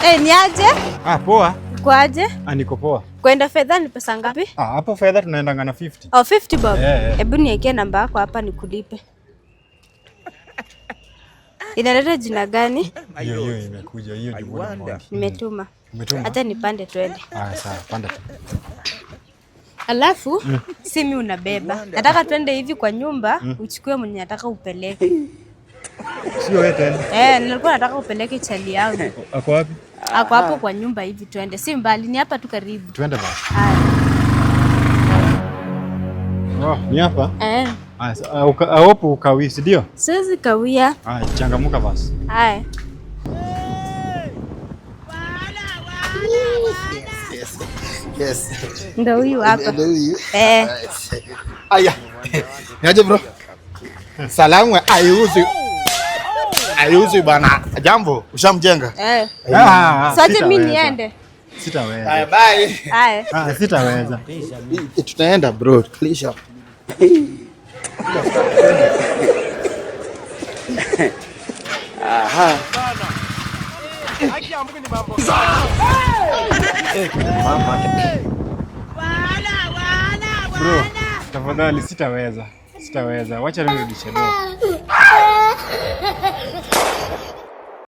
Eh, ni aje? Ah, poa. Kwa aje? Ah, niko poa. Kwenda fedha ni pesa ngapi? Ah, hapo fedha tunaenda ngana 50. Oh, 50 bob. Hebu niwekee namba yako hapa nikulipe. Inaleta jina gani? Hiyo hiyo imekuja, hiyo ndio nimetuma. Umetuma? Acha nipande twende. Ah, sawa, panda tu. Alafu mm. simi unabeba. Nataka twende hivi kwa nyumba mm. uchukue mwenye nataka upeleke. Sio wewe tena. Eh, nilikuwa nataka upeleke chali yangu. Ako wapi? Ako hapo ah. kwa nyumba hivi, twende. Si mbali, ni hapa tu karibu. Twende basi. Ah. Oh, ni hapa? Eh. Aopo ah, ukawi, si ndio? Siwezi kawia. Ah, changamuka basi. Haya. Yes. Ndio huyu hapa. Ndio huyu. Eh. Aya. Niaje bro? Salamu aiuzi. Ayuzi bana. Jambo, ushamjenga? Eh. eh. eh ah, ah, Sasa mimi niende. Sitaweza. Bye bye. Haya. Ah, sitaweza. Eh, tutaenda bro. Clean Aha. Bro, tafadhali sitaweza. Sitaweza. Wacha nirudishe. Ah.